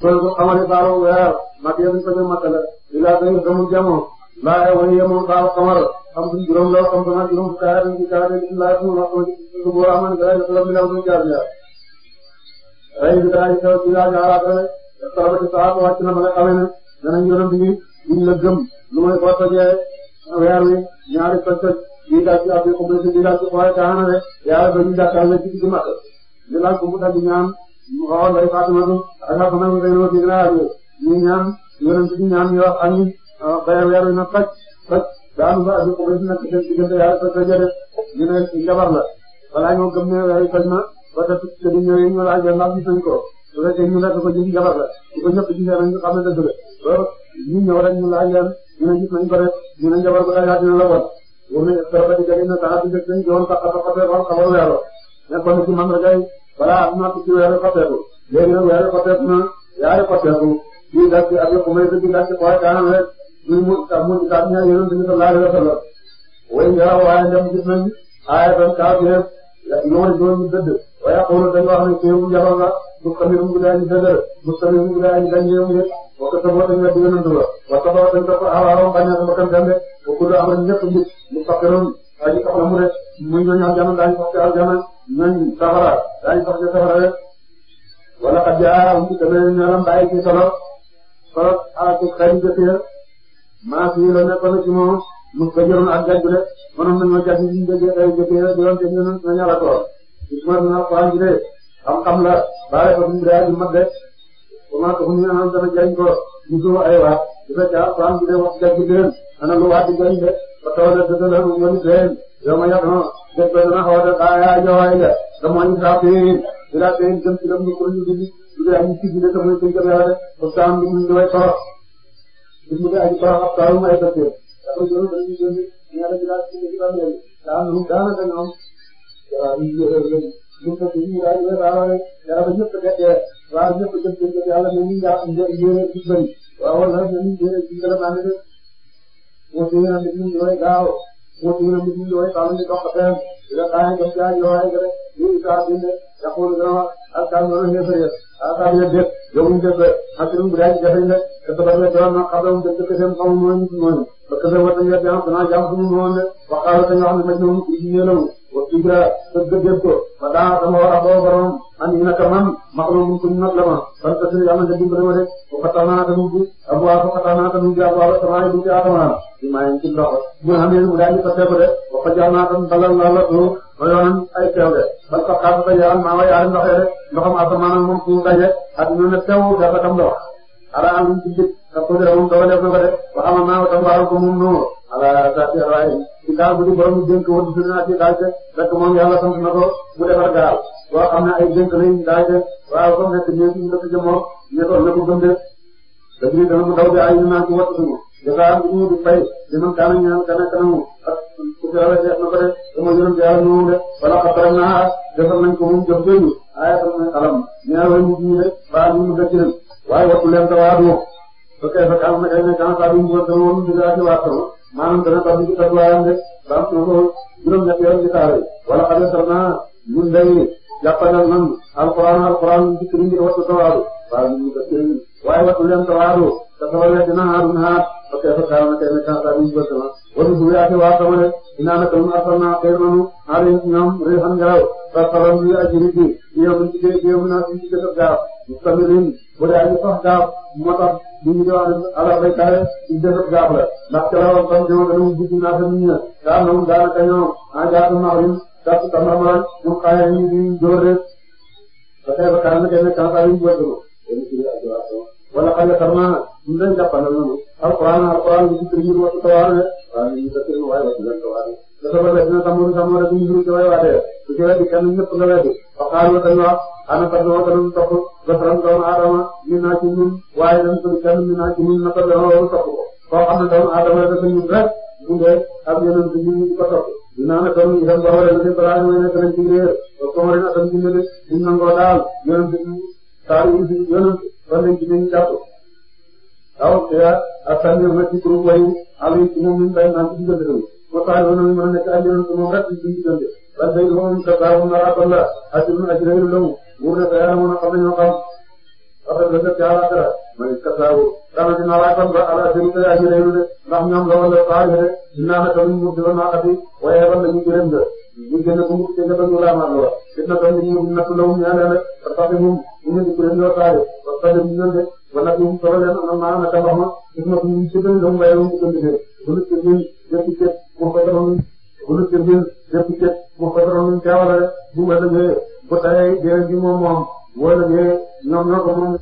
soo ko xamale baaro weer mat yéen sa gën matala ilaa day xamul jamono laa yow ni yemoon baaw xamar xam bu juróom law xam bana juróom bu kaara dañ ci kaara dañ ci laa suñu wax su bu amoon dara la ko bilaw du jaar jaar ray bi dara ci ci laa jaara dara sahaba ci sahaba wàcc na ba nga xamee ne danañ yonent bi buñ la gëm lu may boo tojee weer wi ñaari toj toj bii daal ci abi xubay si bii daal ci xooy kaana rek yàlla dañu jàkkaarloo ci digg mat li laaj ko mu dal di ñaan mu waxoon lay Faatimatu ak Xasana ak Useynu fi gën a aju ñuy ñaan yonent bi ñaan ñu wax ani bayal weer wi na toj toj daanu ba aju ko ba dina seen diggante yàlla toj la jëlee ñu ne njabar la balaa ñoo gëm ne weer wi toj na ba te te du ñu laaj la ndax gis nañ ko su ñu nekk ko gis njabar la su ko ñëpp gisee nañ ñu xam ne dëgg la ba ñu ñëw rek ñu laaj ñu ne gis nañ ko rek ñu ne njabar bu dajaat dina la bon wóor na yëpp dara di jëlee na sax di jël seen yoon balaa am natt ci weeru xotteeku léegi nag weeru na yaari xotteeku kii gas bi ak yëpp may dëgg gas bi xooy kaanam rek mu tax mu tax ñaar yéen a ngi ko laaj la ko la way nga waaye mu guddaay ñu dëgër mu xamee mu guddaay ñu dañ ñëw yëpp boo ko saboo dañ la dugg wa saboo dañ ko awaawam bañ a bakkan dembe bu ko do am ñëpp mu fakkiroon aji mu rek muy ñoo ñoo jamono daañu soxla jamono nañ safara daañu sax ca safara wala xam jaa am te ne ñoo doon bàyyi ci solo solo ko xëy maa fi la nekkoon ko jëloon ak gàncax gi mënoon nañoo jàpp si ñu déggee xëy na jotee doon te ñu ne nañu la tool bisimilah dinaa la baale mu daal di mat de comment que fu ñu naan dana jañ ko ñu suuf ay waat ana lu waat di jañ de ba taw de yow ma yor non def ba dana xaw a def ah yaa jawaay la te mooy saa feeñ si laa feeñ jëm si dem lu ko ñu gis lu koy aji si biir te muy suñ ko yàlla def ba saa am lu mu ñëwee torox gis nga aji torox ak saa yu may def yow. dafa jëloon ba ñu jënd ñaata bi daal di ko jënd léegi daanaka daanaka ñoom waaw ñu ngi koy def ñu ngi ko def ñu daal di koy baaxalee yàlla ba ñëpp def waaw ñëpp def jëm yàlla mais ñu ngi daal ñu yore gis bëri waaw wala ñu ngi yore gis bëri maa ngi def. moom ñu ne mu julli waaye saa di dox ba tey di la saa yëngal jaay yoo waaye gërëm lii saa dindi yàquwul gërëm ak ak saa ñëw nañu yëkkër yëpp ak saa yëpp yëpp yow ñu def ak suñu bu daal di jafe ñu te sabab la doon na xam ne dëkk seen xamu mooy nit ñooñu ba kese war nañu yëpp yàlla danaa jàmm suñu noonu la waxtaan la te ñu wax ne maj na mu wa Ibra te dëggal ko ba a dama war a boo borom man yi naka man maxlum kuñ nag la ma sant suñu yàlla nga dimbali ma rek ba fatax naa tamit bi ab waa ba fatax naa tamit bi ab waa ba samaay bi ci asamaan bi maa ngi ci loxo mu daal di fateeku de ba fa jaar naa tam dalal la la ko ay teew de ba sax xaar ba yaram maa wa yaari ndoxee rek ndoxam asamaan moom fu daje ak ñu ne teew dafa tam ndox ala am ci jëkk te ko def moom doo def na ko de ba xamal naa ko tam waaram ko moom noonu ala saati waaye ci kaw bi di borom dénk wër di naa ci daaj rek moom yàlla sant na ko mu defar gaal boo xam ne ay dénk lañ daaj waaw comme nekk ñoom ñu dëkk jëmmoo nekkoon na ko gëm de daf ñu dana mu daw bi ay ñu naan ci wattu suñu dafa am lu ñu di fay di mën kaana ñaan kana kanamu ak ku fi yàlla def na ko de dama yërëm yàlla ñoom de wala xatara naa defal nañ ko moom jëf jooju aaya tam ne alam ñaar way ñu jii rek baa ñu mu dëkk leen waaye wattu leen te waa du ba kay fa kaana kay ne kaana saa du ñu wattu woon di gaa ci waatoo maanaam dana baax ci tatuwaayam rek baax na ko juróom-ñetti yoon ci taare wala xam ne sax naa ñun day jàppandal man alxuraan alxuraan ci kër yi wattu tawaaru waaye ñun ñu ko kër yi waaye wattu leen tawaaru te tawaaru dina aarun aar ba kay fa kaw na kay na kan daal ñu bëgg sama wala bu yaatee waa sama rek dinaa naka lu asal naa xëy na ñu aar yi ñoom rëy xam ngelaw ba xaram bi ak yëri bi yow mën ci dee yow mën naa fi ci dëkk gaaw mu tamit rin bu dee aji sax gaaw moo tax ñu ngi ñëwaat ala baykat yi ñu jënd gaab la ndax ca la woon tam jëmm dana mu guddi naata nit ña yaa noonu daanaka ñoom ah jaatu maalim jaatu tamamaan ñu xaayal ñu di door rek ba tey ba kanam kenn kanam ñu wër dugg. wala xale xaruma ñu leen jàppandal noonu alquran alquran ñu ci kër yi ñu wax tawaare waaye ñu def seen waay wax leen tawaare. te sa bële dina tàmm di tàmm rek ñu ngi ci way waatee su ci weddi kenn ñëpp nga weddi waxtaan ak dañu wax ana parce que boo ko doon topp defaram doomu aadama ñu naa ci ñun waaye dañ ko kenn ñu naa ci ñun naka la war a topp ko koo xam ne doomu aadama dafa ñun rek dundee ak yeneen bi ñu di ko topp dinaa ne kon itam boo xoolee li ci balaa ñu nekk nañ ci réer ba ko war a atam ci mbir mi nangoo daal yeneen bi saa yu si yeneen ba léegi ci biir jàpp aw te ak tamit na ci kuréel wayu awi ci moom ñu ngi lay naan ci diggante وقالوا لمن نتعلم ثم رد في جنبه بل بينهم تباهم نراك الله أجر أجرين له ورد فيعلمون قبل وقبل فقد وجدت على كلا من استقلاه كما جنا راكم على أجر أجرين له نحن يوم لو الله تعالى إنا نتمنى مبدل الناقة ويأبا من يجرم له يجنكم تجبا ولا ما نرى إن تنجيهم إن لهم يانا فقدهم إن يجرم له تعالى فقدهم من ذلك ونبيهم صلى الله عليه وسلم أنما نتبعهم إنكم يجرم لهم ويأبا من يجرم له ونبيهم يجرم muxtasaroon wala kër gi jëpp ceeb muxtasaroon caawara bu ma demee ba ji moom moom boo demee ñoom ñoo ko moom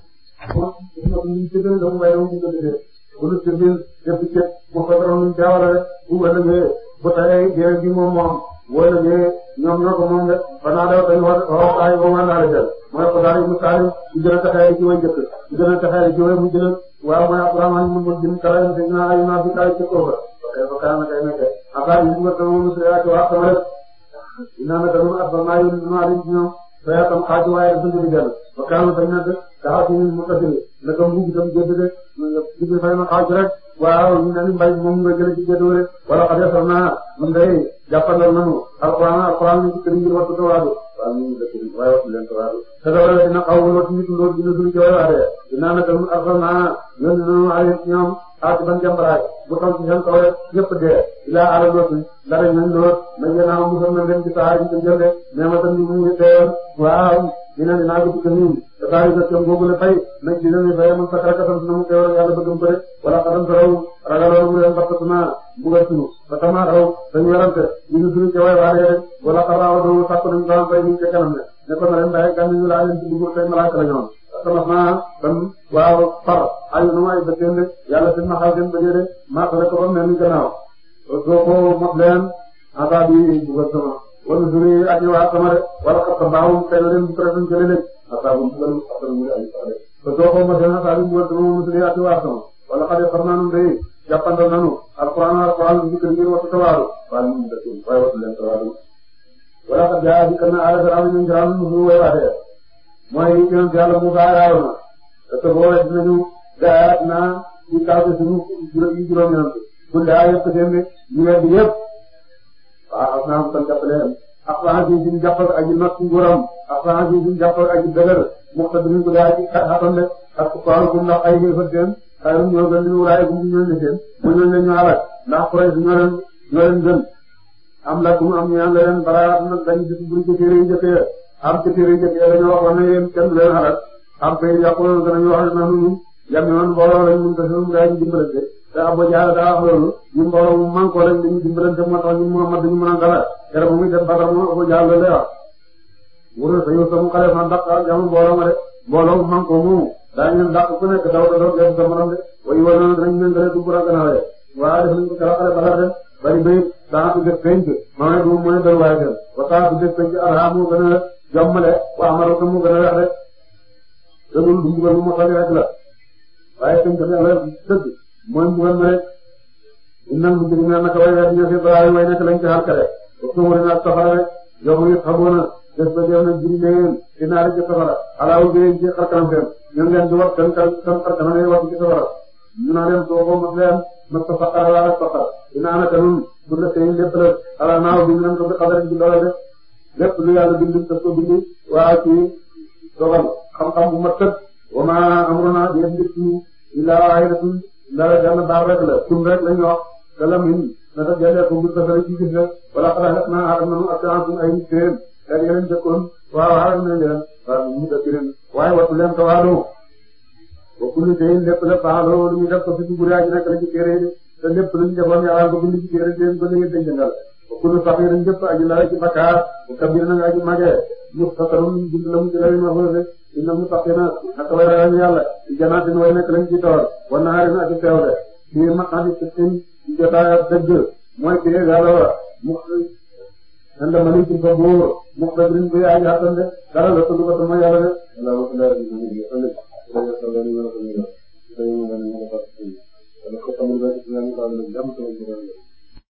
moom ñoom ci gën a dem waaye moom ñu gën a def wala kër gi jëpp ceeb muxtasaroon caawara bu ma demee ba tawee jërë ji moom moom boo demee ñoom ñoo ko moom ba naa wax waaw ay ba la jël mooy ko daal mu saari mu a taxaare ci way jëkk mu gën a taxaare ci way mu gën a waaw mooy Abdourahmane mu mën jëm kala yi te ñu naan ay naaf yi kaay ci kaw ba. Abdoulaye ñu ngi ko sama monsieur Diakhi wax sama lépp dinaa ne tamit ab maa ngi maa ngi ñëw xëy tam xaaju waaye dafa njëriñ jàll ba kanam dañ nekk daa fi mu ko jëlee naka mu ngi dem gerte de gerte fay na xaaju rek waaw ñu ne mbay moom nga jëlee ci gerte wala wala xam ne sax naa ñun day jàppandal nañu alxuraan alxuraan ñu ci kër yi wax ko waaw ñu ngi dëkk bi waaye wax leen ko waaw te loolu dina xaw ma loolu ci nit loolu dina suñu ci waaye waaye dinaa ne tamit ab maa yónni nañu ay ñoom xaati ban jàmbaraay bu taw ci seen kaw rek ilaa ala lootu dara ñoom lool nag yéen a ma musal na leen ci saa yi ñu ko jëlee mais ma tam ñu ngi teewoon waaw dina dinaa ko bëgg a nuyu te saa yu jot googu la fay nag dina ni fay man sax rek a wala xatam sa raw ragaloon mu leen bàtt suma bugal sunu ba sama raw ñu ngi suñu ca way waale rek wala xaraawa doo sàkk nañu ko am fay ñu ca kanam ne ne ko ma leen bàyyi sama tam ayu nu ay bëteen de yàlla seen maxaar seen bëggee de maa ko rek ba mel ni gannaaw soo wala suri ak waa sama de wala xam sa baawum teel leen bu present jële leen asaabum bugal asaabum mu ay sax de soo ko mos leen asaab yi bugal sama moom suri ak waa sama wala xale far naanum day jàppandal nanu alquran alquran zikr ngir waxtu tawaaru waaye mu mu dëkk waaye tawaaru wala xam jaa dikk na ala firaaw ñu ñu mooy ñu jëm yàlla mu baaraaw na parce que boo weesu nañu daa naa ñu kaw suñu juróom-juróom ñoom daa yëpp demee ñu weddi yëpp waaw naa ko jàppale yàlla. affaire bi suñu jàppale ak yu mag ci nguuram affaire bi suñu jàppale ak yu dëgër mu xëdd ñu ko daa ci xatam de ak xaaru kum ndax ay yëfa seen xaaru ñoo gën ñu wuraay kum ñu ñëw seen mu ñëw ne ñu alal ndax projet ñoo leen ñoo leen gën am la kum am ñu am la leen balaa nag dañu gis buñ ko téere ar ci téere jëkk dañu waxoon ne yéen kenn du leen xalaat ar tey yàqu danañu wax na ñu yam yoon mbooloo lañ mun tasum gaa ñu dimbalante te Abu Jahl daa wax loolu ñu mbooloo mu man ko lañ dañu dimbalante moo tax ñu Muhammad dañu mën a dara muy dem Badar moom Abu Jahl lay wax wuro sañu samu xale ma ndax jamu mbooloo ma de mbooloo mu man ko moomu daa sa morom de way wala dañu leen dara du bu raganaawe waa def nañ ko kala xale Badar de bari bay daa ko def penc ma ne du mooy dal jàmmale waaw ma mu gën a weex rek mu mottali rek la waaye suñ ko yàlla dëgg mooy mbugal ma rek innal mujrimina naka way weer ñoo fi balaa way nekk lañ ci xarkale waxtu wala naag safara rek yow mi xamoon na des ba dee na jiri alaawu bee ci xarkanam seen ñoom ngeen di wax kan seen xarkanam yi wax ci safara ñu naa leen soo ko mos leen mos ko faqara wala faqara dinaa naka nun bu la seen lépp la ala naaw bi ñu leen bi xadar bi loola lépp lu yàlla bind daf ko bind waaw ci dogal xam-xam wa ma amruna bi yëpp illaa waahidatun la jànn la kun rek lañu wax na def jëlee ko ngir tasale ci gis la wala xalaat naa aadam nanu ak saatum ay nit téen ak yeneen jëkkoon waaw xaaral nañ leen waaw ñu dëkkirin waaye wattu leen ko wa kulli shay'in lépp la faaloo lu ñu def ko fi ci guri aji nekk la ci téere te lépp lu ñu defoon yàlla ko bind ci téere teen ba léegi dañ kullu saxiirin jëpp aji lawe ci bakkaar bu kabirin aji magee muxtasarun bind la mu ci lawe maxuusi inna muttaqina naka way ragal yàlla ci janaatin way nekk lañ ci toor wa nahaarin ak teew de ci maqaadi sittin ci jotaay ak dëgg mooy ki galowa mu anda malikin fa buur muxtasirin bu aji xattan de dara la tudd ko sama yàlla de alaa sallallahu alayhi wa sallam